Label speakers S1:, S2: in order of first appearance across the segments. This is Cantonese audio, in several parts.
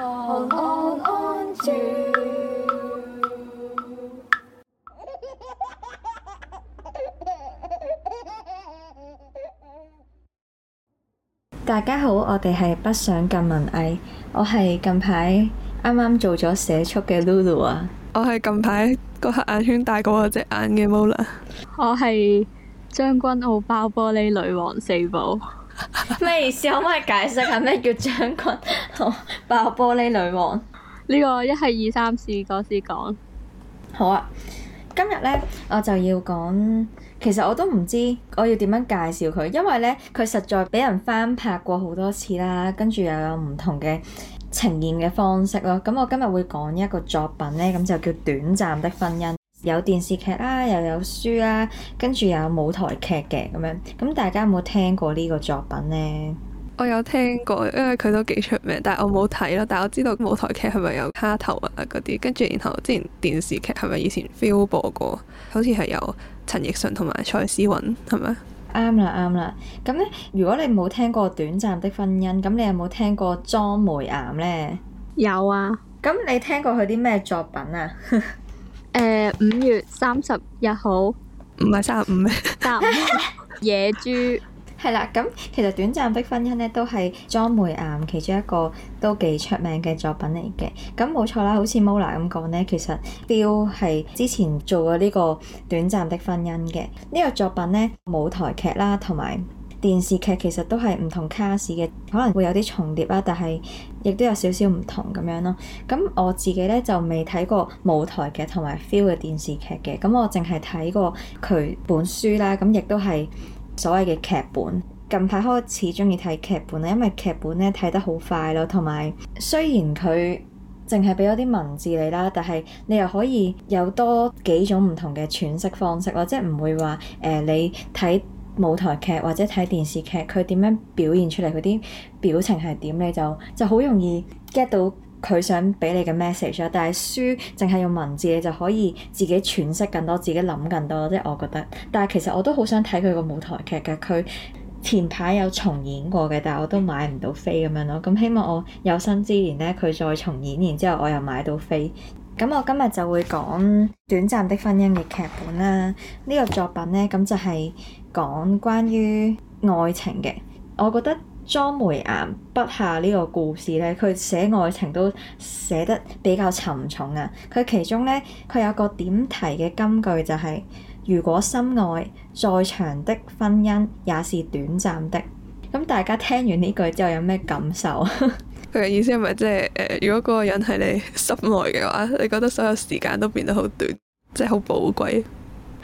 S1: All, all 大家好，我哋係不想咁文藝，我係近排啱啱做咗寫速嘅 Lulu 啊，
S2: 我係近排個黑眼圈大過我隻眼嘅 Mola，我係將軍澳包玻璃女王四寶，咩 意思可唔 可以解釋下、啊、咩叫將軍 爆玻璃女王呢個一係二三事嗰時講好啊！
S1: 今日呢，我就要講，其實我都唔知我要點樣介紹佢，因為呢，佢實在俾人翻拍過好多次啦，跟住又有唔同嘅呈現嘅方式咯。咁我今日會講一個作品呢，咁就叫《短暫的婚姻》，有電視劇啦、啊，又有書啦、啊，跟住又有舞台劇嘅咁樣。咁大家有冇聽過呢個作品呢？
S3: 我有聽過，因為佢都幾出名，但係我冇睇咯。但我知道舞台劇係咪有蝦頭啊嗰啲，跟住然後之前電視劇係咪以前 feel 播過？好似係有陳奕迅同埋蔡思韻，係咪？
S1: 啱啦啱啦。咁咧，如果你冇聽過《短暫的婚姻》，咁你有冇聽過莊梅岩咧？有啊。咁你聽過佢啲咩作品啊？誒、 呃，五月三十一號。唔係三十五咩？三 五。 野豬。係啦，咁其實《短暫的婚姻》咧都係莊梅岩其中一個都幾出名嘅作品嚟嘅。咁冇錯啦，好似 Mola 咁講呢，其實 Phil 係之前做過呢、呢個《短暫的婚姻》嘅呢、呢個作品呢，舞台劇啦同埋電視劇其實都係唔同 cast 嘅，可能會有啲重疊啦，但係亦都有少少唔同咁樣咯。咁我自己呢，就未睇過舞台劇同埋 Phil 嘅電視劇嘅，咁我淨係睇過佢本書啦，咁亦都係，所謂嘅劇本，近排開始中意睇劇本啦，因為劇本咧睇得好快咯，同埋雖然佢淨係俾咗啲文字你啦，但係你又可以有多幾種唔同嘅詮釋方式咯，即係唔會話誒、呃、你睇舞台劇或者睇電視劇，佢點樣表現出嚟，佢啲表情係點，你就就好容易 get 到。佢想俾你嘅 message 啦，但係書淨係用文字，你就可以自己詮釋更多，自己諗更多，即係我覺得。但係其實我都好想睇佢個舞台劇嘅，佢前排有重演過嘅，但我都買唔到飛咁樣咯。咁希望我有生之年呢，佢再重演，然之後我又買到飛。咁我今日就會講《短暫的婚姻》嘅劇本啦。呢個作品呢，咁就係講關於愛情嘅。我覺得。莊梅岩筆下呢個故事呢，佢寫愛情都寫得比較沉重啊。佢其中呢，佢有個點題嘅金句就係，如果深愛，再長的婚姻也是短暫的。咁大家聽完呢句之後有咩感
S3: 受啊？佢嘅意思係咪即係如果嗰個人係你心內嘅話，你覺得所有時間都變得好短，即係好寶貴？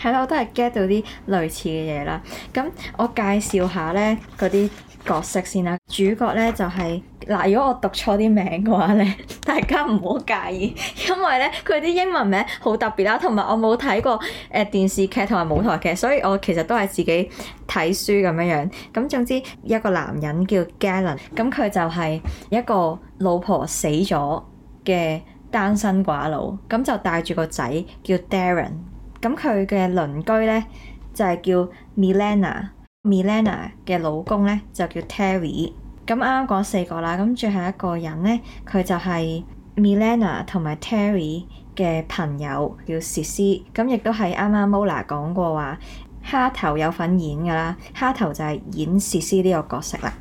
S1: 係啦， 我都係 get 到啲類似嘅嘢啦。咁我介紹下呢嗰啲。角色先啦，主角呢就係、是、嗱，如果我讀錯啲名嘅話呢，大家唔好介意，因為呢，佢啲英文名好特別啦，同埋我冇睇過誒、呃、電視劇同埋舞台劇，所以我其實都係自己睇書咁樣樣。咁總之一個男人叫 Galen，咁佢就係一個老婆死咗嘅單身寡佬，咁就帶住個仔叫 Darren，咁佢嘅鄰居呢，就係、是、叫 Milena。Milana 嘅老公咧就叫 Terry，咁啱啱講四個啦，咁最後一個人咧佢就係 Milana 同埋 Terry 嘅朋友叫 Sis，咁亦都係啱啱 Mola 講過話蝦頭有份演噶啦，蝦頭就係演 Sis 呢個角色啦。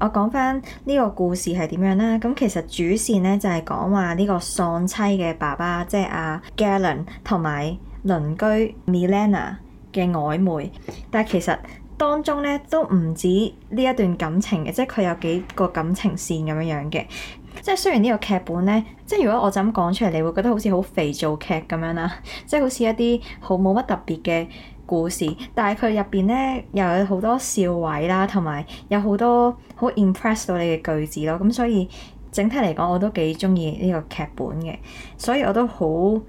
S1: 我講翻呢個故事係點樣啦？咁其實主線咧就係講話呢個喪妻嘅爸爸，即係阿 Galen 同埋鄰居 Milana 嘅曖昧，但係其實。當中咧都唔止呢一段感情嘅，即係佢有幾個感情線咁樣樣嘅。即係雖然呢個劇本咧，即係如果我就咁講出嚟，你會覺得好似好肥皂劇咁樣啦。即係好似一啲好冇乜特別嘅故事，但係佢入邊咧又有好多笑位啦，同埋有好多好 impress 到你嘅句子咯。咁所以整體嚟講，我都幾鍾意呢個劇本嘅，所以我都好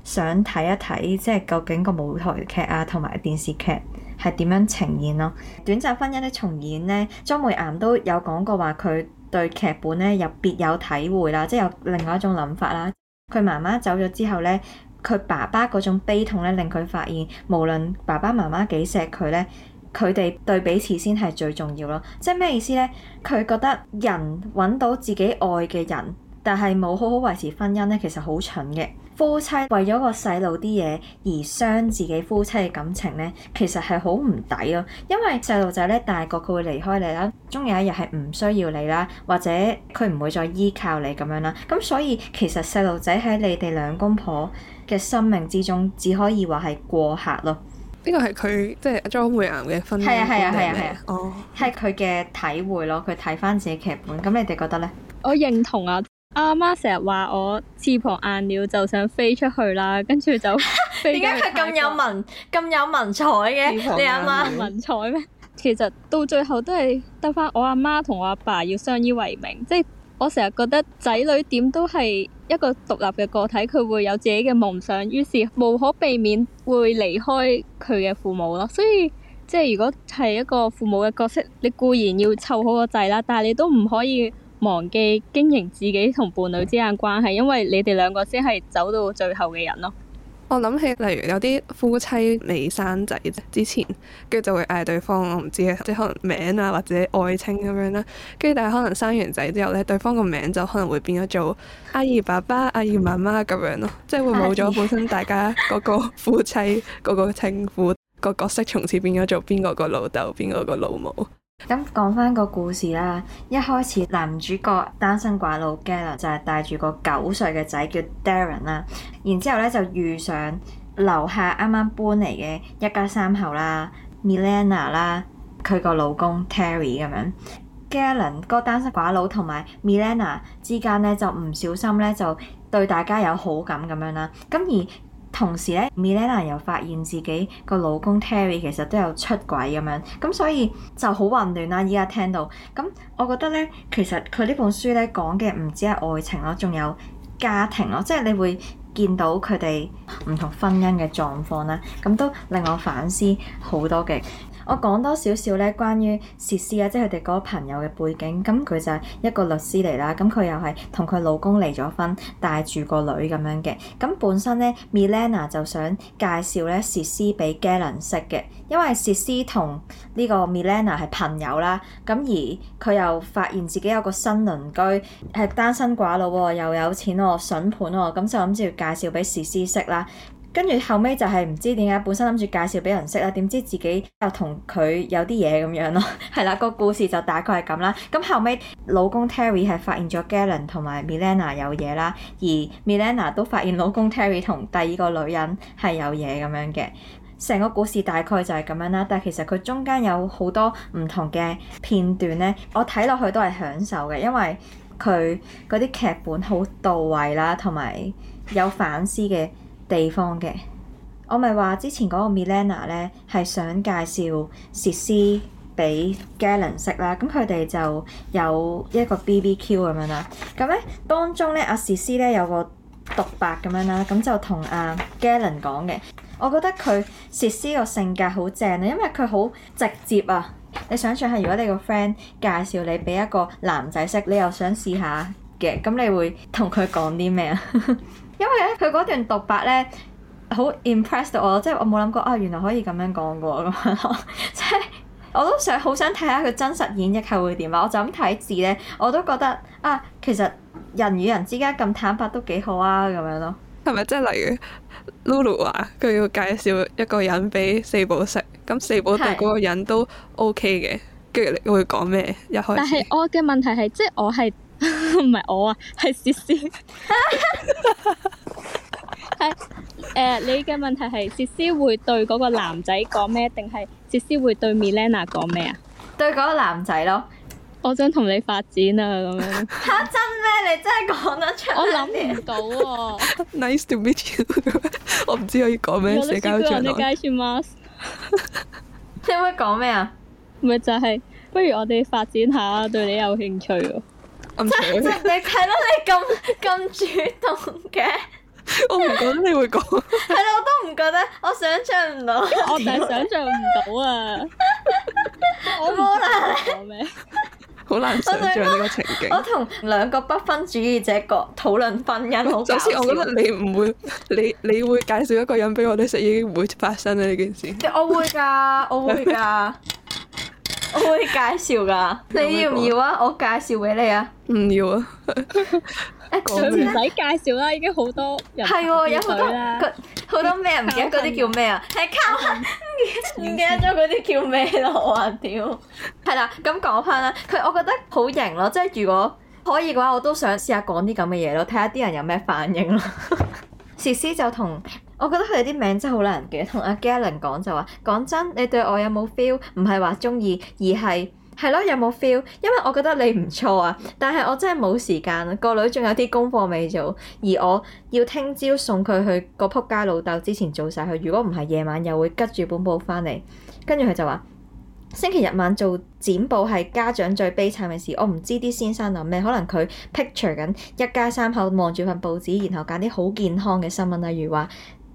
S1: 想睇一睇，即係究竟個舞台劇啊，同埋電視劇，係點樣呈現咯？短暫婚姻的重演呢？莊梅岩都有講過話，佢對劇本咧有別有體會啦，即係有另外一種諗法啦。佢媽媽走咗之後咧，佢爸爸嗰種悲痛咧，令佢發現無論爸爸媽媽幾錫佢咧，佢哋對彼此先係最重要咯。即係咩意思呢？佢覺得人揾到自己愛嘅人，但係冇好好維持婚姻咧，其實好蠢嘅。夫妻為咗個細路啲嘢而傷自己夫妻嘅感情呢，其實係好唔抵咯。因為細路仔呢，大個佢會離開你啦，終有一日係唔需要你啦，或者佢唔會再依靠你咁樣啦。咁所以其實細路仔喺你哋兩公婆嘅生命之中，只可以話係過客咯。呢個係佢即係阿莊梅岩嘅婚姻係啊係啊係啊係啊哦，係佢嘅體會咯。佢睇翻自己劇本，咁你哋覺得呢？
S2: 我認同啊。阿媽成日話我翅膀硬了就想飛出去啦，跟住就點解佢咁有文咁有文采嘅？你阿媽文采咩？其實到最後都係得翻我阿媽同我阿爸要相依為命，即係我成日覺得仔女點都係一個獨立嘅個體，佢會有自己嘅夢想，於是無可避免會離開佢嘅父母咯。所以即係如果係一個父母嘅角色，你固然要湊好個仔啦，但係你都唔可以。忘記經營自己同伴侶之間關係，因為你哋兩個先係走到最後嘅人咯。
S3: 我諗起例如有啲夫妻未生仔之前，跟住就會嗌，對方我唔知啊，即係可能名啊或者愛稱咁樣啦。跟住但係可能生完仔之後咧，對方個名就可能會變咗做阿姨爸爸、阿姨媽媽咁樣咯，即係會冇咗本身大家嗰個夫妻嗰 個稱呼、個角色，從此變咗做邊個個老豆、邊個個老母。
S1: 咁講翻個故事啦。一開始男主角單身寡佬 Galen 就係帶住個九歲嘅仔叫 Darren 啦，然之後咧就遇上樓下啱啱搬嚟嘅一家三口啦，Milena 啦，佢個老公 Terry 咁樣。Galen 嗰個單身寡佬同埋 Milena 之間咧就唔小心咧就對大家有好感咁樣啦。咁而同時咧 Melana 又發現自己個老公 Terry 其實都有出軌咁樣，咁所以就好混亂啦。依家聽到，咁我覺得咧，其實佢呢本書咧講嘅唔止係愛情咯，仲有家庭咯，即係你會見到佢哋唔同婚姻嘅狀況啦，咁都令我反思好多嘅。我講多少少咧，關於瑟斯啊，即係佢哋嗰個朋友嘅背景。咁佢就係一個律師嚟啦。咁佢又係同佢老公離咗婚，帶住個女咁樣嘅。咁本身咧，Milena 就想介紹咧瑟、e、斯俾 Galen 識嘅，因為瑟斯同呢個 Milena 係朋友啦。咁而佢又發現自己有個新鄰居係單身寡佬喎、哦，又有錢喎、哦，筍盤喎、哦，咁就諗住介紹俾瑟斯識啦。跟住後尾就係唔知點解本身諗住介紹俾人識啦，點知自己又同佢有啲嘢咁樣咯，係 啦，個故事就大概係咁啦。咁後尾老公 Terry 係發現咗 Galen 同埋 Milena 有嘢啦，而 Milena 都發現老公 Terry 同第二個女人係有嘢咁樣嘅。成個故事大概就係咁樣啦，但係其實佢中間有好多唔同嘅片段呢，我睇落去都係享受嘅，因為佢嗰啲劇本好到位啦，同埋有，有反思嘅。地方嘅，我咪話之前嗰個 Milena 咧係想介紹設施俾 Galen 識啦，咁佢哋就有一個 BBQ 咁樣啦。咁咧當中咧阿設施咧有個獨白咁樣啦，咁就同阿、啊、Galen 講嘅。我覺得佢設施個性格好正啊，因為佢好直接啊。你想象下，如果你個 friend 介紹你俾一個男仔識，你又想試下嘅，咁你會同佢講啲咩啊？ 因為咧，佢段獨白咧好 impressed 我，即係我冇諗過啊，原來可以咁樣講嘅。咁即係我都想好想睇下佢真實演繹係會點嘛，我就咁睇字咧，我都覺得啊，其實人與人之間咁坦白都幾好啊咁樣咯。
S3: 係咪即係例如 Lulu 話佢要介紹一個人俾四寶食，咁四寶對嗰個人都 OK 嘅，跟住你會講咩入去？一開始但係
S2: 我嘅問題係，即係我係。唔係 我啊，係薛詩。係、呃、誒，你嘅問題係薛詩會對嗰個男仔講咩，定係薛詩會對 Milena 講咩啊？對嗰個男仔咯，我想同你發展啊咁樣。吓、 啊、真咩？你真係講得出？ 我諗唔到啊。
S3: Nice to meet you 我。我唔知我要講咩社交場 你介
S2: 紹啲街市嗎？即係可以講咩啊？咪就係、是，不如我哋發展下，對你有興趣、啊。
S1: 到你係咯， 你咁咁主動嘅，我唔覺得你會講。係咯，我都唔覺得，我想象唔到， 我真係想
S2: 象唔到啊！
S1: 我好難講咩，
S3: 好難想象呢個情景。我
S1: 同兩
S3: 個不婚主義者個討論婚姻，好首先，我覺得你唔會，你你會介紹一個人俾我哋食，已經會發生呢件事。
S1: 我會㗎，我會㗎。
S3: 我會介紹噶，要你要唔要
S1: 啊？我介紹俾你啊，唔不要啊， 啊。唔使介紹
S2: 啦， 已經好多人係喎、嗯，有好多好多咩唔記得嗰啲叫咩啊？係、哎、
S1: 靠，唔唔、嗯、 記得
S2: 咗嗰啲叫咩
S1: 咯？哇屌！係 啦， 咁講翻啦，佢我覺得好型咯，即係如果可以嘅話，我都想試下講啲咁嘅嘢咯，睇下啲人有咩反應咯。思思就同。我覺得佢哋啲名真係好難記。同阿 Galen 講就話：講真，你對我有冇 feel？唔係話中意，而係係咯，有冇 feel？因為我覺得你唔錯啊。但係我真係冇時間，個女仲有啲功課未做，而我要聽朝送佢去個撲街老豆之前做晒佢。如果唔係夜晚又會吉住本報翻嚟。跟住佢就話：星期日晚做剪報係家長最悲慘嘅事。我唔知啲先生諗咩，可能佢 picture 緊一家三口望住份報紙，然後揀啲好健康嘅新聞，例如話。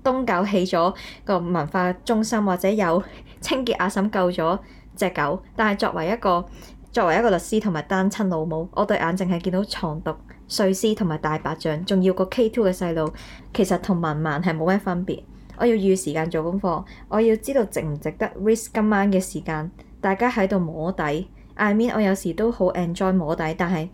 S1: 東九起咗個文化中心，或者有清潔阿嬸救咗隻狗，但係作為一個作為一個律師同埋單親老母，我對眼淨係見到藏毒、碎屍同埋大白象，仲要個 K2 嘅細路，其實同文盲係冇咩分別。我要預時間做功課，我要知道值唔值得 risk 今晚嘅時間。大家喺度摸底，I mean 我有時都好 enjoy 摸底，但係。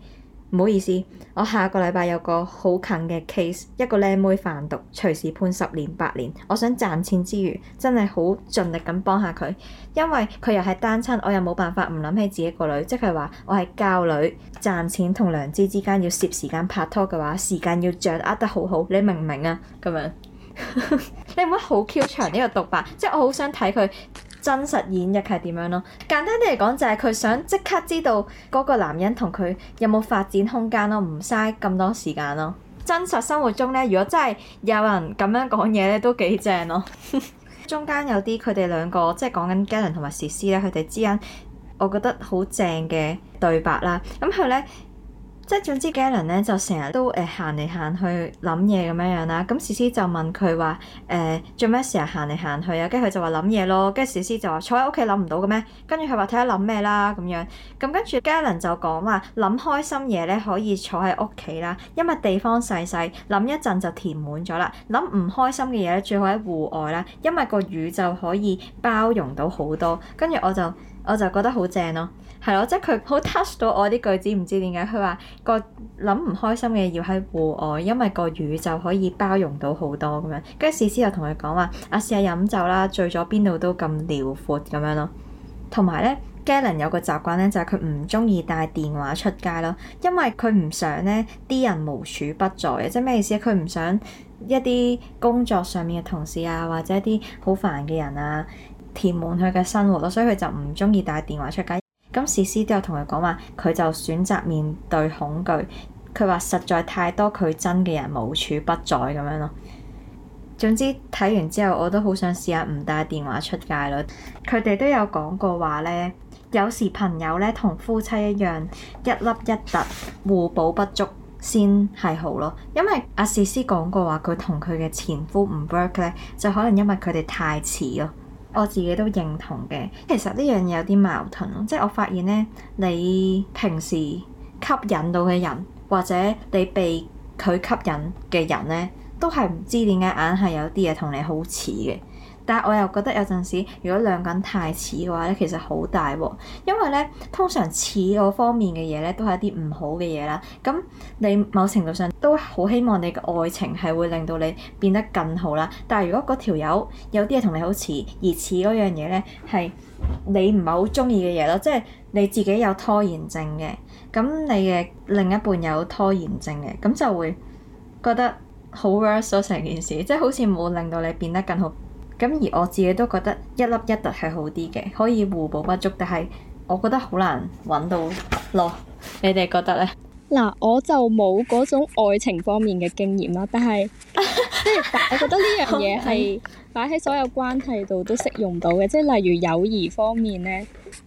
S1: 唔好意思，我下個禮拜有個好近嘅 case，一個靚妹販毒，隨時判十年八年。我想賺錢之餘，真係好盡力咁幫下佢，因為佢又係單親，我又冇辦法唔諗起自己個女，即係話我係教女賺錢同良知之間要攝時間拍拖嘅話，時間要掌握得好好，你明唔明啊？咁樣， 你唔會好 Q 長呢、這個讀法，即係我好想睇佢。真實演繹係點樣咯？簡單啲嚟講，就係佢想即刻知道嗰個男人同佢有冇發展空間咯，唔嘥咁多時間咯。真實生活中咧，如果真係有人咁樣講嘢咧，都幾正咯。 中間有啲佢哋兩個即係講緊 Galen 同埋 Sisi 咧，佢哋之間我覺得好正嘅對白啦。咁佢咧。即係總之，Galen 咧就成日都誒行嚟行去諗嘢咁樣樣、嗯呃、啦。咁小詩就問佢話：誒做咩成日行嚟行去啊？跟住佢就話諗嘢咯。跟住小詩就話：坐喺屋企諗唔到嘅咩？跟住佢話睇下諗咩啦咁樣。咁跟住 Galen 就講話諗開心嘢咧可以坐喺屋企啦，因為地方細細，諗一陣就填滿咗啦。諗唔開心嘅嘢咧最好喺戶外啦，因為個宇宙就可以包容到好多。跟住我就我就覺得好正咯。係咯，即係佢好 touch 到我啲句子，唔知點解佢話個諗唔開心嘅嘢要喺戶外，因為個宇宙可以包容到好多咁樣。時時就跟住，師師又同佢講話：阿師下飲酒啦，醉咗邊度都咁遼闊咁樣咯。同埋咧，Galen 有個習慣咧，就係佢唔中意帶電話出街咯，因為佢唔想咧啲人無處不在嘅，即係咩意思咧？佢唔想一啲工作上面嘅同事啊，或者一啲好煩嘅人啊，填滿佢嘅生活咯，所以佢就唔中意帶電話出街。咁史詩都有同佢講話，佢就選擇面對恐懼。佢話實在太多佢真嘅人無處不在咁樣咯。總之睇完之後，我都好想試下唔帶電話出街咯。佢哋都有講過話呢，有時朋友呢，同夫妻一樣，一凹一凸，互補不足先係好咯。因為阿史詩講過話，佢同佢嘅前夫唔 work 呢就可能因為佢哋太似咯。我自己都認同嘅，其實呢樣嘢有啲矛盾咯，即係我發現呢，你平時吸引到嘅人，或者你被佢吸引嘅人呢，都係唔知點解硬係有啲嘢同你好似嘅。但係，我又覺得有陣時，如果兩個人太似嘅話咧，其實好大喎，啊。因為咧，通常似嗰方面嘅嘢咧，都係一啲唔好嘅嘢啦。咁你某程度上都好希望你嘅愛情係會令到你變得更好啦。但係如果嗰條友有啲嘢同你好似而似嗰樣嘢咧，係你唔係好中意嘅嘢咯，即係你自己有拖延症嘅，咁你嘅另一半有拖延症嘅，咁就會覺得好 worse 成件事，即係好似冇令到你變得更好。咁而我自己都覺得一凹一凸係好啲嘅，可以互補不足。但係我覺得好難揾到咯。你哋覺得呢？
S2: 嗱，我就冇嗰種愛情方面嘅經驗啦。但係即係我覺得呢樣嘢係擺喺所有關係度都適用到嘅。即係例如友誼方面呢，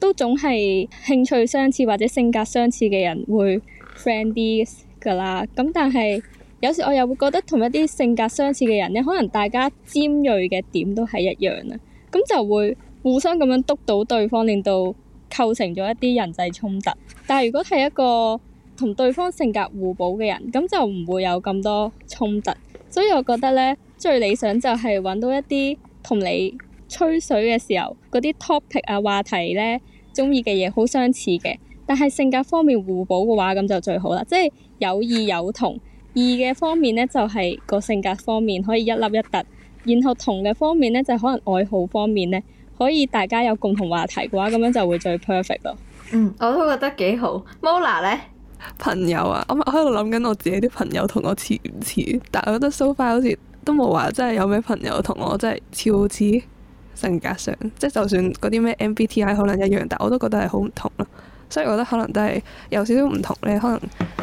S2: 都總係興趣相似或者性格相似嘅人會 friend 啲噶啦。咁但係。有時我又會覺得同一啲性格相似嘅人咧，可能大家尖鋭嘅點都係一樣啦，咁就會互相咁樣督到對方，令到構成咗一啲人際衝突。但係如果係一個同對方性格互補嘅人，咁就唔會有咁多衝突。所以我覺得咧，最理想就係揾到一啲同你吹水嘅時候嗰啲 topic 啊話題咧，中意嘅嘢好相似嘅，但係性格方面互補嘅話，咁就最好啦，即係有意有同。二嘅方面呢，就係、是、個性格方面可以一凹一凸，然後同嘅方面呢，就是、可能愛好方面呢，可以大家有共同話題嘅話，咁樣就
S3: 會最 perfect 咯。嗯，
S1: 我都覺得幾好。Mola 呢？
S3: 朋友啊，我喺度諗緊我自己啲朋友同我似唔似？但係我覺得 so far 好似都冇話真係有咩朋友同我真係超似性格上，即、就、係、是、就算嗰啲咩 MBTI 可能一樣，但係我都覺得係好唔同咯。所以我覺得可能都係有少少唔同呢，可能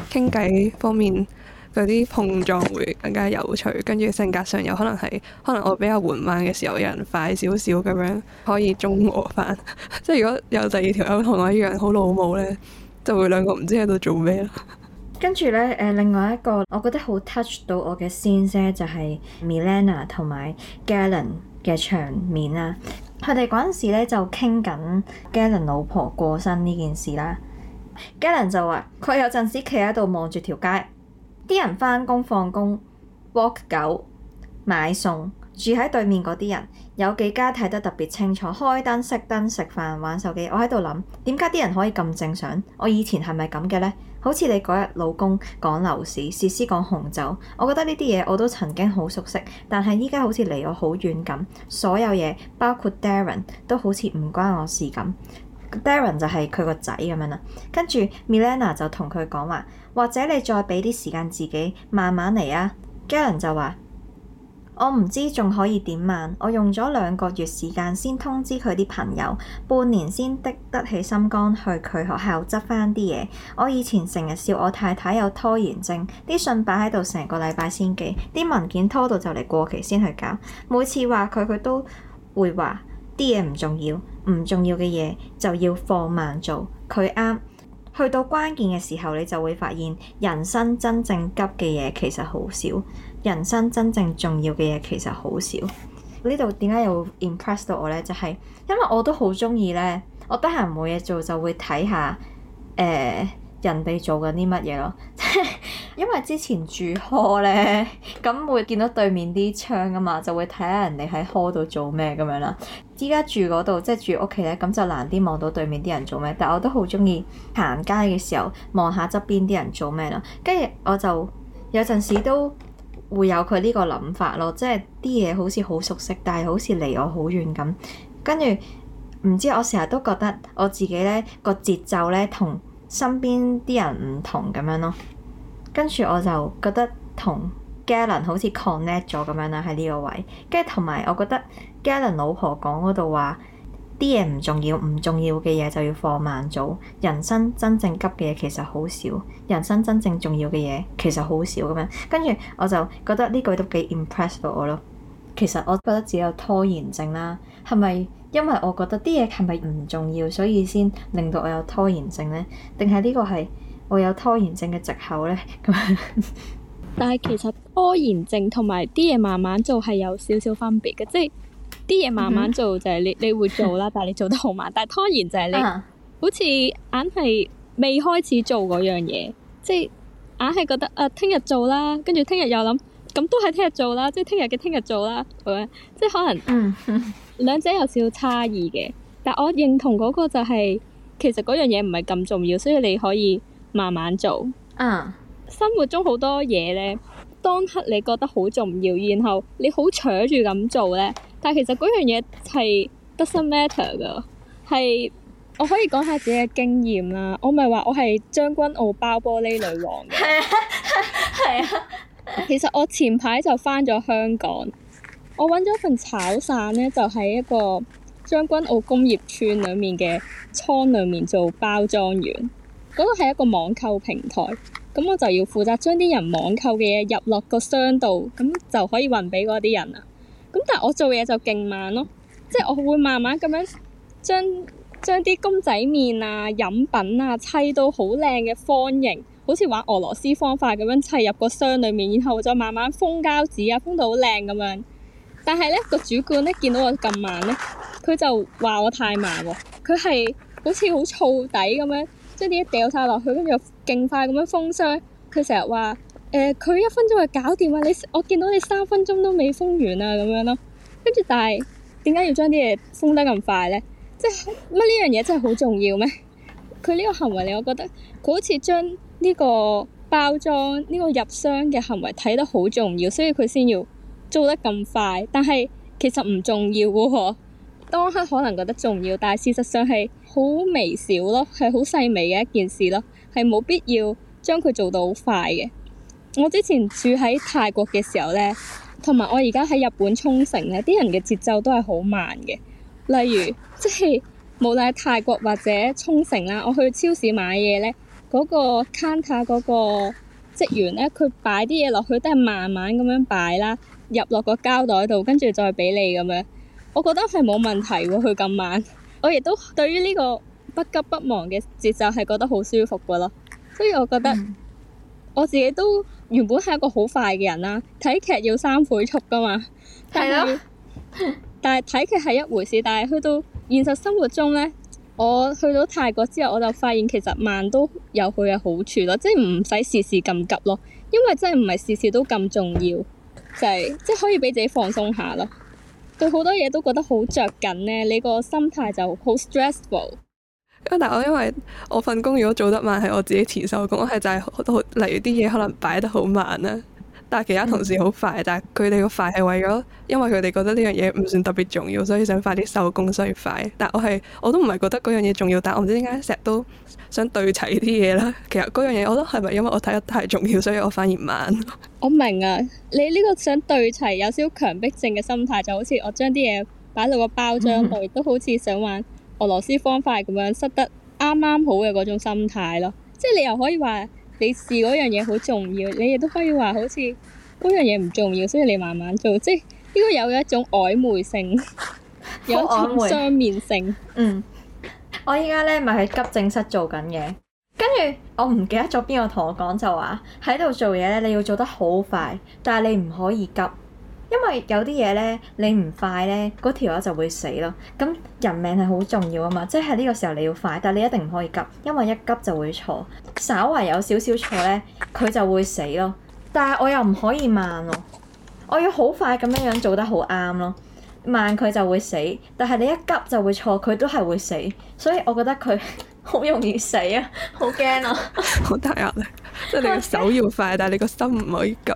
S3: 傾偈方面。嗰啲碰撞會更加有趣，跟住性格上有可能係，可能我比較緩慢嘅時候，有人快少少咁樣可以中和翻。即 係如果有第二條友同我一樣好老母呢，就會兩個唔知喺度做咩啦。跟住
S1: 呢，誒、呃，另外一個我覺得好 touch 到我嘅 scene 就係 Milana 同埋 Galen 嘅場面啦。佢哋嗰陣時咧就傾緊 Galen 老婆過身呢件事啦。 Galen 就話佢有陣時企喺度望住條街。啲人返工放工，walk 狗，買餸，住喺對面嗰啲人，有幾家睇得特別清楚，開燈熄燈食飯玩手機。我喺度諗，點解啲人可以咁正常？我以前係咪咁嘅呢？好似你嗰日老公講樓市，思思講紅酒，我覺得呢啲嘢我都曾經好熟悉，但係依家好似離我好遠咁，所有嘢包括 Darren 都好似唔關我事咁。Darren 就係佢個仔咁樣啦，跟住 Milena 就同佢講話，或者你再畀啲時間自己慢慢嚟啊。Darren 就話：我唔知仲可以點慢，我用咗兩個月時間先通知佢啲朋友，半年先的得起心肝去佢學校執翻啲嘢。我以前成日笑我太太有拖延症，啲信擺喺度成個禮拜先寄，啲文件拖到就嚟過期先去搞。每次話佢，佢都會話，啲嘢唔重要，唔重要嘅嘢就要放慢做。佢啱去到關鍵嘅時候，你就會發現人生真正急嘅嘢其實好少，人生真正重要嘅嘢其實好少。呢度點解又 impress 到我呢？就係、是、因為我都好中意呢。我得閒冇嘢做就會睇下誒、呃、人哋做緊啲乜嘢咯。 因為之前住 hall 呢，咁會見到對面啲窗啊嘛，就會睇下人哋喺 hall 度做咩咁樣啦。依家住嗰度，即係住屋企咧，咁就難啲望到對面啲人做咩。但係我都好中意行街嘅時候望下側邊啲人做咩咯。跟住我就有陣時都會有佢呢個諗法咯，即係啲嘢好似好熟悉，但係好似離我好遠咁。跟住唔知我成日都覺得我自己咧個節奏咧同身邊啲人唔同咁樣咯。跟住我就覺得同 Galen 好似 connect 咗咁樣啦，喺呢個位，跟住同埋我覺得 Galen 老婆講嗰度話啲嘢唔重要，唔重要嘅嘢就要放慢咗。人生真正急嘅嘢其實好少，人生真正重要嘅嘢其實好少咁樣。跟住我就覺得呢句都幾 impress 到我咯。其實我覺得自己有拖延症啦，係咪因為我覺得啲嘢係咪唔重要，所以先令到我有拖延症呢？定係呢個係我有拖延症嘅藉口呢？
S2: 但係其實拖延症同埋啲嘢慢慢做係有少少分別嘅，即係啲嘢慢慢做就係你你會做啦，但係你做得好慢。但係拖延就係你、uh huh. 好似硬係未開始做嗰樣嘢，即係硬係覺得啊聽日做啦，跟住聽日又諗咁都係聽日做啦，即係聽日嘅聽日做啦，咁樣即係可能，嗯、uh，huh. 兩者有少少差異嘅。但我認同嗰個就係、是、其實嗰樣嘢唔係咁重要，所以你可以慢慢做。嗯、uh。Huh. 生活中好多嘢呢，當刻你覺得好重要，然後你好扯住咁做呢。但係其實嗰樣嘢係 doesn't matter 噶。係我可以講下自己嘅經驗啦。我咪話我係將軍澳包玻璃女王嘅。係啊。其實我前排就返咗香港，我揾咗份炒散呢，就喺一個將軍澳工業村裡面嘅倉裡面做包裝員。嗰度係一個網購平台，咁我就要負責將啲人網購嘅嘢入落個箱度，咁就可以運俾嗰啲人啦。咁但係我做嘢就勁慢咯，即係我會慢慢咁樣將將啲公仔麵啊、飲品啊砌到好靚嘅方形，好似玩俄羅斯方塊咁樣砌入個箱裏面，然後再慢慢封膠紙啊，封到好靚咁樣。但係呢個主管呢，見到我咁慢呢，佢就話我太慢喎，佢係好似好燥底咁樣。即係啲嘢掉晒落去，跟住又勁快咁樣封箱。佢成日話：誒、呃，佢一分鐘就搞掂啊！你，我見到你三分鐘都未封完啊，咁樣咯。跟住，但係點解要將啲嘢封得咁快咧？即係乜呢樣嘢真係好重要咩？佢呢個行為令我覺得佢好似將呢個包裝、呢、呢個入箱嘅行為睇得好重要，所以佢先要做得咁快。但係其實唔重要喎，嗬。當刻可能覺得重要，但係事實上係好微小咯，係好細微嘅一件事咯，係冇必要將佢做到好快嘅。我之前住喺泰國嘅時候呢，同埋我而家喺日本沖繩呢，啲人嘅節奏都係好慢嘅。例如，即係無論喺泰國或者沖繩啦，我去超市買嘢呢，嗰個 counter 嗰個職員呢，佢擺啲嘢落去都係慢慢咁樣擺啦，入落個膠袋度，跟住再俾你咁樣。我覺得係冇問題喎，佢咁慢，我亦都對於呢個不急不忙嘅節奏係覺得好舒服噶咯。所以我覺得我自己都原本係一個好快嘅人啦，睇劇要三倍速噶嘛。係咯是的。 但係睇劇係一回事，但係去到現實生活中呢，我去到泰國之後，我就發現其實慢都有佢嘅好處咯，即係唔使事事咁急咯，因為真係唔係事事都咁重要，就係、是、即係可以俾自己放鬆下咯。對好多嘢都覺得好着緊呢你個心態就好 stressful。
S3: 咁但我因為我份工如果做得慢係我自己遲收工，係就係好多例如啲嘢可能擺得好慢啦。但係其他同事好快，但係佢哋個快係為咗，因為佢哋覺得呢樣嘢唔算特別重要，所以想快啲收工，所以快。但係我係我都唔係覺得嗰樣嘢重要，但係我唔知點解成日都想對齊啲嘢啦。其實嗰樣嘢，我覺得係咪因為我睇得太重要，所以我反而慢。
S2: 我明啊，你呢個想對齊有少少強迫症嘅心態，就好似我將啲嘢擺到個包裝度，亦都、嗯、好似想玩俄羅斯方塊咁樣，塞得啱啱好嘅嗰種心態咯。即係你又可以話，你試嗰樣嘢好重要，你亦都可以話好似嗰樣嘢唔重要，所以你慢慢做，即係應該有一種曖昧性， 好曖昧。有一種雙面性。嗯，我依家
S1: 咧咪喺急症室做緊嘢，跟住我唔記得咗邊個同我講就話喺度做嘢咧，你要做得好快，但係你唔可以急。因為有啲嘢咧，你唔快咧，嗰條友就會死咯。咁人命係好重要啊嘛，即係呢個時候你要快，但係你一定唔可以急，因為一急就會錯。稍為有少少錯咧，佢就會死咯。但係我又唔可以慢咯，我要好快咁樣樣做得好啱咯。慢佢就會死，但係你一急就會錯，佢都係會死。所以我覺得佢好容易死啊，好驚啊， 好大壓力。
S3: 即係你個手要快，但係你個心唔可以急。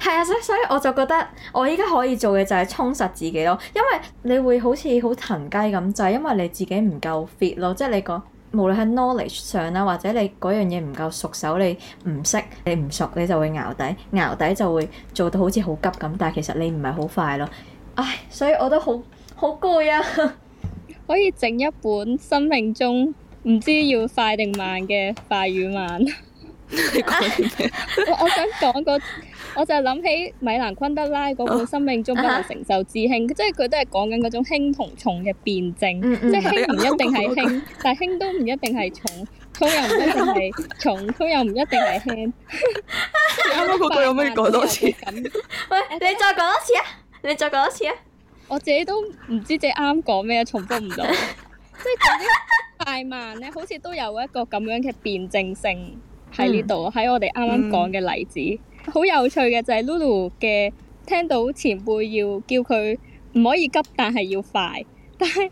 S1: 係啊，所所以我就覺得我依家可以做嘅就係充實自己咯，因為你會好似好騰雞咁，就係、是、因為你自己唔夠 fit 咯，即係你講無論喺 knowledge 上啦，或者你嗰樣嘢唔夠熟手，你唔識，你唔熟，你就會淆底，淆底就會做到好似好急咁，但係其實你唔係好快咯。
S2: 唉，所以我都好好攰啊， 可以整一本生命中唔知要快定慢嘅快與慢。你講啲咩？我想講個，我就係諗起米蘭昆德拉嗰本《生命中不能承受之輕》，即係佢都係講緊嗰種輕同重嘅辯證，嗯嗯、即係輕唔一定係輕，但輕都唔一定係重，重又唔一定係重，重又唔一定係輕。
S3: 你啱啱嗰句有咩講 多次
S2: 咁？ 喂，你再講多次啊！你再講多次啊！ 我自己都唔知自己啱講咩啊，重複唔到。 即係總之，快慢咧，好似都有一個咁樣嘅辯證性。喺呢度，喺我哋啱啱講嘅例子，好、嗯、有趣嘅就係、是、Lulu 嘅聽到前輩要叫佢唔可以急，但係要快，但係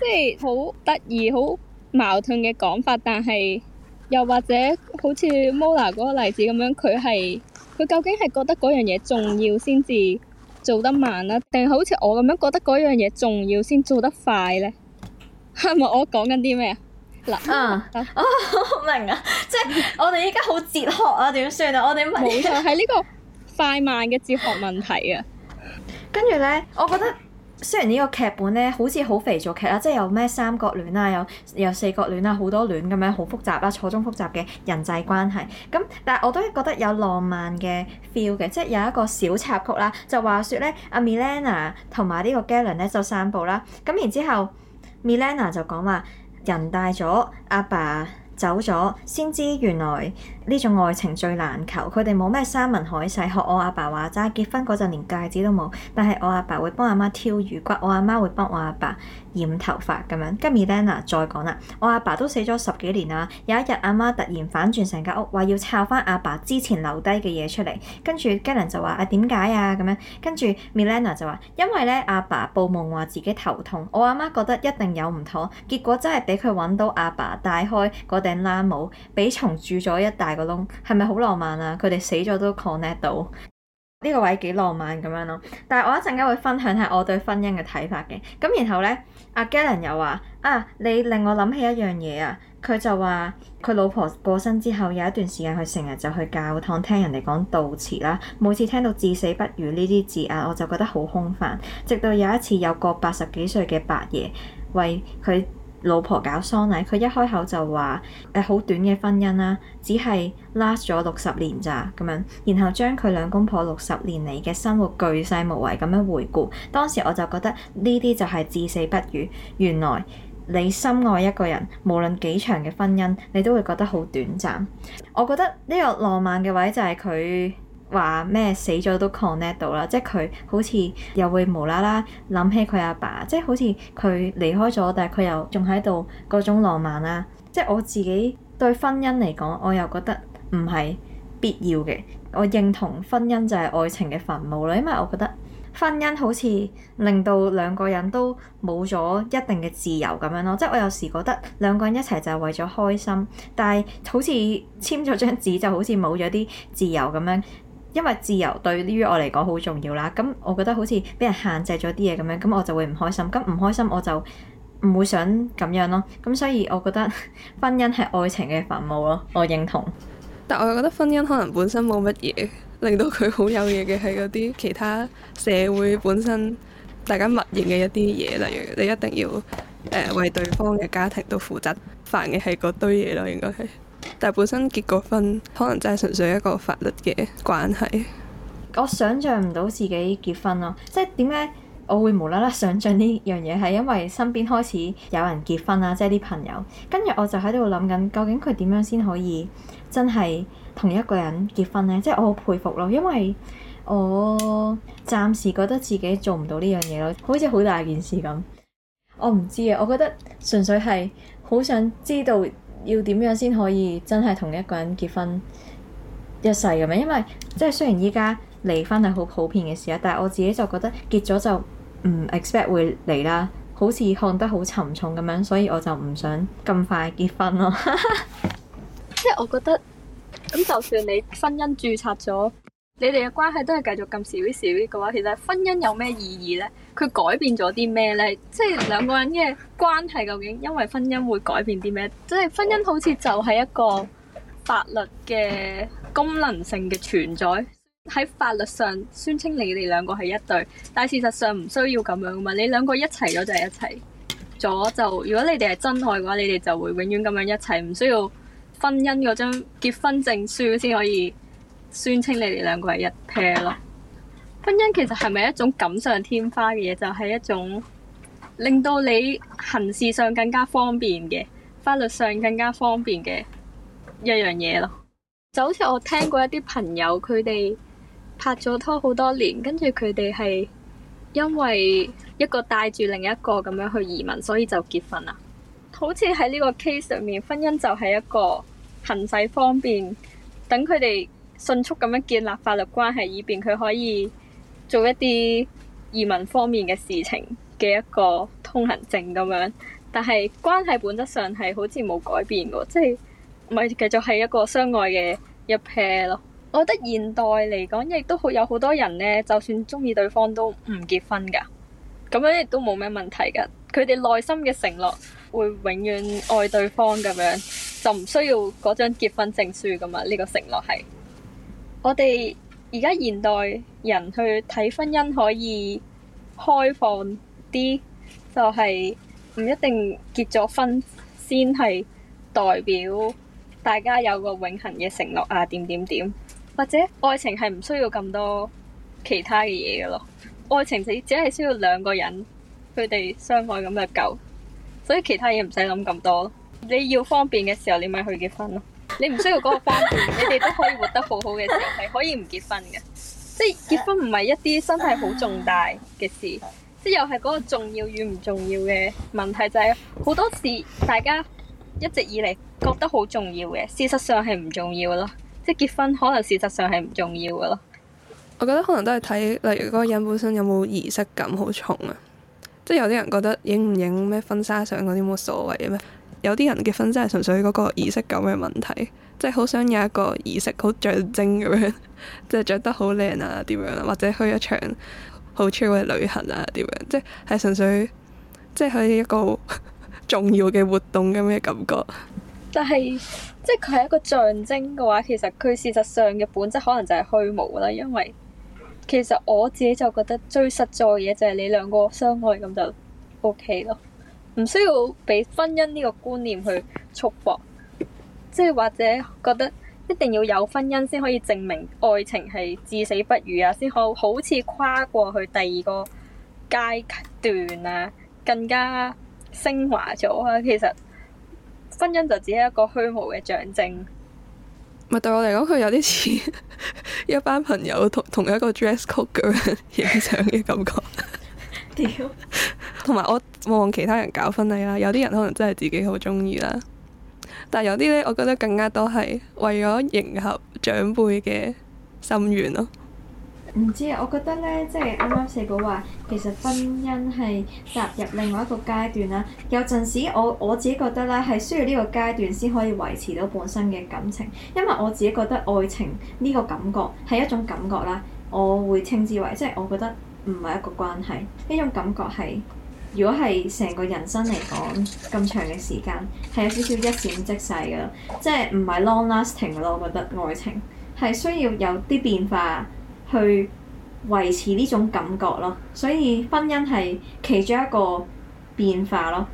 S2: 即係好得意、好、就是、矛盾嘅講法。但係又或者好似 Mola 嗰個例子咁樣，佢係佢究竟係覺得嗰樣嘢重要先至做得慢啦，定係好似我咁樣覺得嗰樣嘢重要先做得快呢？係咪我講緊啲咩啊？
S1: 嗱，啊、哦，我明啊，即係我哋依家好哲學
S2: 啊，點算啊？我哋冇錯，喺呢個快慢嘅哲學問題啊。
S1: 跟住咧，我覺得雖然個劇呢個劇本咧，好似好肥皂劇啊，即係有咩三角戀啊，有有四角戀啊，好多戀咁樣好複雜啦，錯綜複雜嘅人際關係。咁但係我都覺得有浪漫嘅 feel 嘅，即係有一個小插曲啦，就話說咧，阿 Milena 同埋呢個 Galen 咧就散步啦。咁然之後，Milena 就講話。人大咗，阿爸走咗，先知原來呢種愛情最難求。佢哋冇咩山盟海誓，學我阿爸話齋，結婚嗰陣連戒指都冇。但係我阿爸會幫阿媽挑魚骨，我阿媽會幫我阿爸。染頭髮咁樣，跟住 Milana 再講啦。我阿爸，爸都死咗十幾年啦。有一日阿媽，媽突然反轉成間屋，話要抄翻阿爸之前留低嘅嘢出嚟。跟住 Glen 就話：啊點解啊？咁樣。跟住 Milana 就話：因為呢，阿爸，爸報夢話自己頭痛，我阿媽，媽覺得一定有唔妥。結果真係俾佢揾到阿爸戴開嗰頂冷帽，俾蟲蛀咗一大個窿。係咪好浪漫啊？佢哋死咗都 connect 到呢、這個位幾浪漫咁樣咯。但係我一陣間會分享下我對婚姻嘅睇法嘅。咁然後呢。阿 Galen 又話：啊，你令我諗起一樣嘢啊！佢就話佢老婆過身之後，有一段時間佢成日就去教堂聽人哋講悼詞啦。每次聽到至死不渝呢啲字啊，我就覺得好空泛。直到有一次，有個八十幾歲嘅伯爺為佢老婆搞喪禮，佢一開口就話：誒、呃、好短嘅婚姻啦，啊，只係 last 咗六十年咋咁樣。然後將佢兩公婆六十年嚟嘅生活巨細無遺咁樣回顧。當時我就覺得呢啲就係至死不渝。原來你深愛一個人，無論幾長嘅婚姻，你都會覺得好短暫。我覺得呢個浪漫嘅位就係佢。話咩死咗都 connect 到啦，即係佢好似又會無啦啦諗起佢阿爸，即係好似佢離開咗，但係佢又仲喺度嗰種浪漫啦。即係我自己對婚姻嚟講，我又覺得唔係必要嘅。我認同婚姻就係愛情嘅墳墓啦，因為我覺得婚姻好似令到兩個人都冇咗一定嘅自由咁樣咯。即係我有時覺得兩個人一齊就係為咗開心，但係好似簽咗張紙就好似冇咗啲自由咁樣。因為自由對於我嚟講好重要啦，咁我覺得好似俾人限制咗啲嘢咁樣，咁我就會唔開心，咁唔開心我就唔會想咁樣咯。咁所以我覺得婚姻係愛情嘅墳墓咯，我認同。但我又覺得婚
S3: 姻可能本身冇乜嘢，令到佢好有嘢嘅係嗰啲其他社會本身大家默認嘅一啲嘢，例如你一定要誒、呃、為對方嘅家庭都負責，煩嘅係嗰堆嘢咯，應該係。但本身結過婚，可能真係純粹一個法律嘅關係。
S1: 我想象唔到自己結婚咯，即係點解我會無啦啦想象呢樣嘢？係因為身邊開始有人結婚啦，即係啲朋友。跟住我就喺度諗緊，究竟佢點樣先可以真係同一個人結婚呢？即係我好佩服咯，因為我暫時覺得自己做唔到呢樣嘢咯，好似好大件事咁。 我唔知啊，我覺得純粹係好想知道。要點樣先可以真係同一個人結婚一世咁樣？因為即係雖然依家離婚係好普遍嘅事啦，但係我自己就覺得結咗就唔 expect 會離啦，好似看得好沉重咁樣，所以我就唔想咁快結婚咯。
S2: 即 係我覺得咁，就算你婚姻註冊咗。你哋嘅關係都係繼續咁少少嘅話，其實婚姻有咩意義呢？佢改變咗啲咩呢？即係兩個人嘅關係究竟因為婚姻會改變啲咩？即係婚姻好似就係一個法律嘅功能性嘅存在，喺法律上宣稱你哋兩個係一對，但係事實上唔需要咁樣嘛。你兩個一齊咗就係一齊咗，就如果你哋係真愛嘅話，你哋就會永遠咁樣一齊，唔需要婚姻嗰張結婚證書先可以。宣稱你哋兩個係一 pair 咯。婚姻其實係咪一種錦上添花嘅嘢？就係一種令到你行事上更加方便嘅、法律上更加方便嘅一樣嘢咯。 就好似我聽過一啲朋友，佢哋拍咗拖好多年，跟住佢哋係因為一個帶住另一個咁樣去移民，所以就結婚啦。好似喺呢個 case 上面，婚姻就係一個行事方便，等佢哋。迅速咁樣建立法律關係，以便佢可以做一啲移民方面嘅事情嘅一個通行證咁樣。但係關係本質上係好似冇改變嘅，即係咪繼續係一個相愛嘅一 pair 咯？我覺得現代嚟講，亦都好有好多人呢，就算中意對方都唔結婚噶，咁樣亦都冇咩問題噶。佢哋內心嘅承諾會永遠愛對方咁樣，就唔需要嗰張結婚證書噶嘛？呢個承諾係。我哋而家現代人去睇婚姻可以開放啲，就係、是、唔一定結咗婚先係代表大家有個永恆嘅承諾啊點點點，或者愛情係唔需要咁多其他嘅嘢嘅咯，愛情只只係需要兩個人佢哋相愛咁就夠，所以其他嘢唔使諗咁多。你要方便嘅時候，你咪去結婚咯。你唔需要嗰個方便，你哋都可以活得好好嘅時候係可以唔結婚嘅，即係結婚唔係一啲身體好重大嘅事，即係又係嗰個重要與唔重要嘅問題就係、是、好多時大家一直以嚟覺得好重要嘅，事實上係唔重要咯，即係結婚可能事實上係唔重要嘅咯。
S3: 我覺得可能都係睇，例如嗰個人本身有冇儀式感好重啊，即係有啲人覺得影唔影咩婚紗相嗰啲冇所謂嘅咩。有啲人結婚真係純粹嗰個儀式感嘅問題，即係好想有一個儀式，好象徵咁樣，即係着得好靚啊，點樣啊，或者去一場好超嘅旅行啊，點樣，即係純粹，即係去一個重要嘅活動咁嘅感覺。
S2: 但係，即係佢係一個象徵嘅話，其實佢事實上嘅本質可能就係虛無啦。因為其實我自己就覺得最實在嘅嘢就係你兩個相愛咁就 O K 咯。唔需要俾婚姻呢個觀念去束縛，即係或者覺得一定要有婚姻先可以證明愛情係至死不渝啊，先好好似跨過去第二個階段啊，更加升華咗啊。其實婚姻就只係一個虛無嘅象徵。
S3: 唔對我嚟講，佢有啲似 一班朋友同同一個 dress code 咁樣影相嘅感覺。 同埋 我望其他人搞婚禮啦，有啲人可能真係自己好中意啦，但係有啲呢，我覺得更加都係為咗迎合長輩嘅心願咯。
S1: 唔知啊，我覺得呢，即係啱啱四寶話，其實婚姻係踏入另外一個階段啦。有陣時我我自己覺得咧，係需要呢個階段先可以維持到本身嘅感情，因為我自己覺得愛情呢個感覺係一種感覺啦，我會稱之為即係、就是、我覺得。唔係一個關係，呢種感覺係，如果係成個人生嚟講咁長嘅時間，係有少少一閃即逝㗎，即係唔係 long-lasting 咯。我覺得愛情係需要有啲變化去維持呢種感覺咯，所
S2: 以婚姻係其中一個變化咯。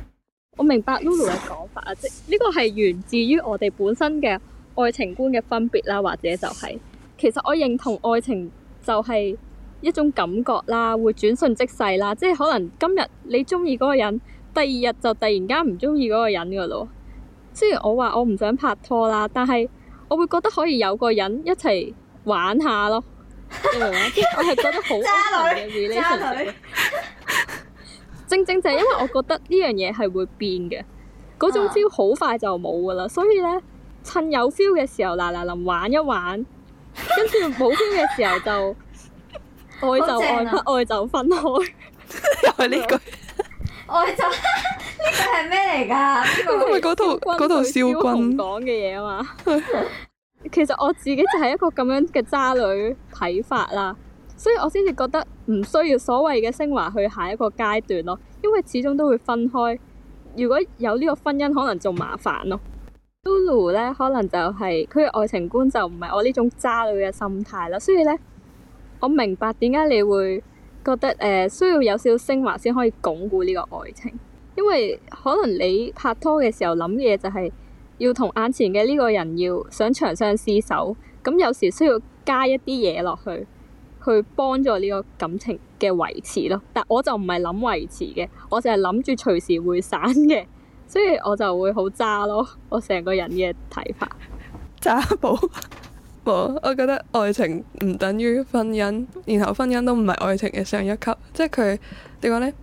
S2: 我明白 Lulu 嘅講法啊， 即呢個係源自於我哋本身嘅愛情觀嘅分別啦，或者就係、是、其實我認同愛情就係、是。一種感覺啦，會轉瞬即逝啦，即係可能今日你中意嗰個人，第二日就突然間唔中意嗰個人噶啦喎。雖然我話我唔想拍拖啦，但係我會覺得可以有個人一齊玩一下咯。我係 覺得好安神嘅 relationship。程序 正正就係因為我覺得呢樣嘢係會變嘅，嗰種 feel 好快就冇噶啦，所以呢，趁有 feel 嘅時候嗱嗱臨玩一玩，跟住冇 feel 嘅時候就～愛就愛，不愛就分開。就係呢句，愛就呢句係咩嚟噶？係咪嗰套嗰套蕭軍講嘅嘢啊嘛？ 其實我自己就係一個咁樣嘅渣女睇法啦，所以我先至覺得唔需要所謂嘅升華去下一個階段咯，因為始終都會分開。如果有呢個婚姻，可能仲麻煩咯。Lulu 咧，可能就係佢嘅愛情觀就唔係我呢種渣女嘅心態啦，所以咧。我明白點解你會覺得誒、呃、需要有少少升華先可以鞏固呢個愛情，因為可能你拍拖嘅時候諗嘅嘢就係要同眼前嘅呢個人要想長相厮守。咁有時需要加一啲嘢落去，去幫助呢個感情嘅維持咯。但我就唔係諗維持嘅，我就係諗住隨時會散嘅，所以我就會好渣咯。我成個人嘅睇法，
S3: 渣寶。冇，我覺得愛情唔等於婚姻，然後婚姻都唔係愛情嘅上一級，即係佢點講咧？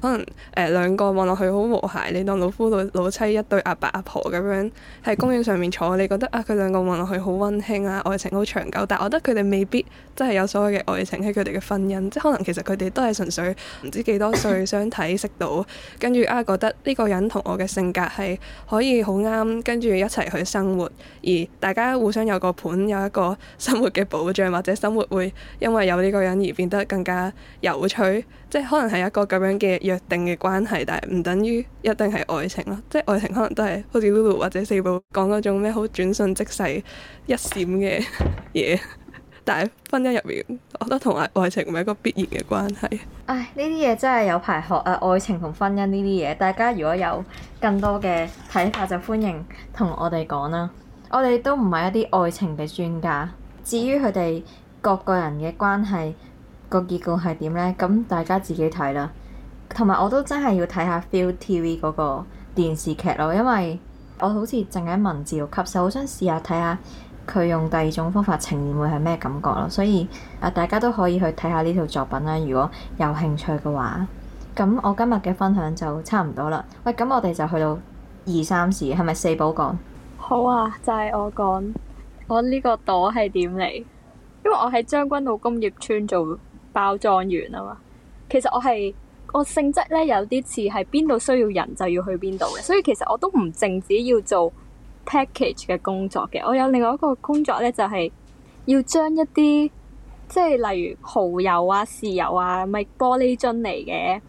S3: 可能誒、呃、兩個望落去好和諧，你當老夫老老妻、一對阿伯阿婆咁樣喺公園上面坐，你覺得啊佢兩個望落去好温馨啊，愛情好長久。但我覺得佢哋未必真係有所謂嘅愛情喺佢哋嘅婚姻，即係可能其實佢哋都係純粹唔知幾多歲相睇識到，跟住啊覺得呢個人同我嘅性格係可以好啱，跟住一齊去生活，而大家互相有個伴，有一個生活嘅保障，或者生活會因為有呢個人而變得更加有趣，即係可能係一個咁樣嘅。約定嘅關係，但係唔等於一定係愛情咯。即係愛情可能都係好似 Lulu 或者四寶講嗰種咩好轉瞬即逝、一閃嘅嘢。 但係婚姻入面，我覺得同愛情唔係一個必然嘅關係。
S2: 唉，
S1: 呢啲嘢真係有排學啊。愛情同婚姻呢啲嘢，大家如果有更多嘅睇法，就歡迎同我哋講啦。我哋都唔係一啲愛情嘅專家，至於佢哋各個人嘅關係、個結果係點呢？咁大家自己睇啦。同埋我都真係要睇下 ViuTV 嗰個電視劇咯，因為我好似淨係文字度吸收，我想試下睇下佢用第二種方法呈現會係咩感覺咯。所以啊，大家都可以去睇下呢套作品啦，如果有興趣嘅話。咁我今日嘅分享就差唔多啦。喂，咁我哋就去到二三事，係咪四寶講？
S2: 好啊，就係我講，我呢個朵係點嚟？因為我喺將軍澳工業村做包裝員啊嘛。其實我係～我性質咧，有啲似係邊度需要人就要去邊度嘅，所以其實我都唔淨止要做 package 嘅工作嘅，我有另外一個工作呢，就係要將一啲即係例如蠔油啊、豉油啊，咪玻璃樽嚟嘅。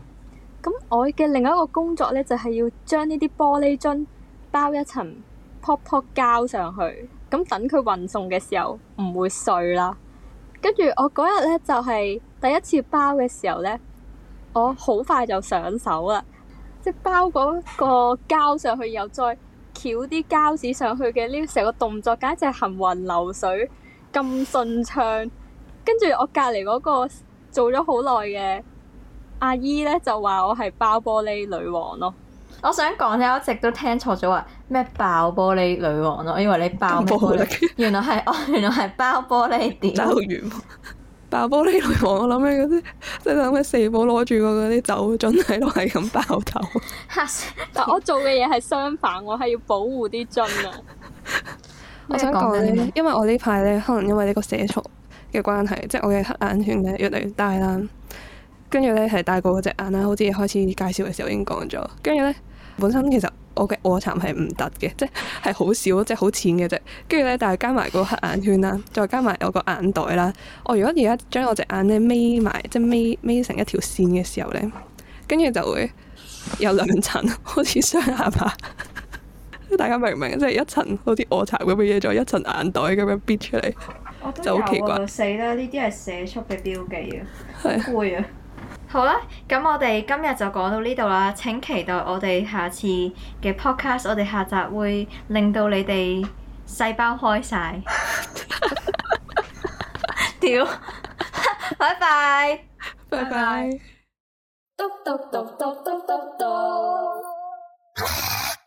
S2: 咁我嘅另外一個工作呢，就係要將呢啲玻璃樽包一層 pop pop 膠上去，咁等佢運送嘅時候唔會碎啦。跟住我嗰日呢，就係第一次包嘅時候呢。我好、oh, 快就上手啦，即係包嗰個膠上去，又再翹啲膠紙上去嘅呢成個動作，簡直行雲流水咁順暢。跟住我隔籬嗰個做咗好耐嘅阿姨呢，就話我係包玻璃女王咯。我想講咧，我一直
S1: 都聽錯咗話咩爆玻璃女王咯，我以為你爆玻璃， 原來係我，原來係包
S2: 玻璃點。
S3: 爆玻璃女王，我諗起嗰啲即係諗起四寶攞住嗰啲酒樽係度係咁爆頭。
S2: 吓！ 但我做嘅嘢係相反，我係要保護啲樽啊。
S3: 我想講咧，因為我呢排咧，可能因為呢個寫錯嘅關係，即係我嘅黑眼圈咧越嚟越大啦。跟住咧係大過嗰隻眼啦，好似開始介紹嘅時候已經講咗。跟住咧。本身其實我嘅臥蠶係唔凸嘅，即係係好少，即係好淺嘅啫。跟住咧，但係加埋個黑眼圈啦，再加埋我個眼袋啦。我如果而家將我隻眼咧眯埋，即係眯眯成一條線嘅時候咧，跟住就會有兩層，好似雙下巴。 大家明唔明？即係一層好似臥蠶咁嘅嘢，仲有一層眼袋咁樣逼出嚟，
S1: 啊、就好奇怪。死啦！呢啲係社畜嘅標記啊，係會啊的～ 好啦，咁我哋今日就講到呢度啦，請期待我哋下次嘅 podcast，我哋下集會令到你哋細胞開晒。屌，拜拜，拜拜。嘟嘟嘟嘟嘟嘟嘟。